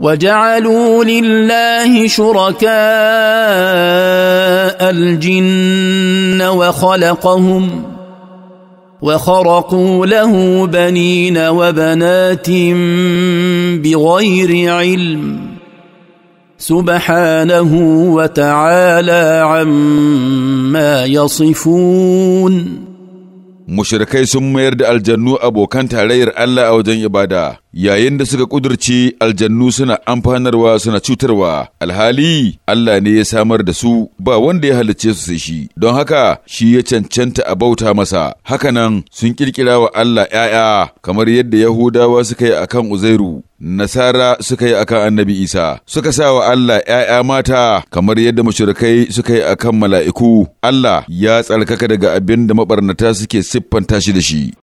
وجعلوا لله شركاء الجن وخلقهم وخرقوا له بنين وبنات بغير علم سبحانه وتعالى عما يصفون mushrikai sun mayar da aljannu abokan tarayyar Allah a wajen ibada yayin da suka kudurci aljannu suna amfanarwa suna cutarwa alhali Allah ne ya samar da su ba wanda ya halicce su shi don haka shi ya cancanta a bauta masa hakanan sun kirkira wa Allah ‘ya'ya kamar yadda Yahudawa suka yi akan Uzairu Nasara suka yi akan annabi Isa, suka sa wa Allah ‘ya'ya mata kamar yadda mashirkai suka yi akan mala'iku, Allah ya tsarkaka daga abin da maɓarnata suke siffanta shi da shi.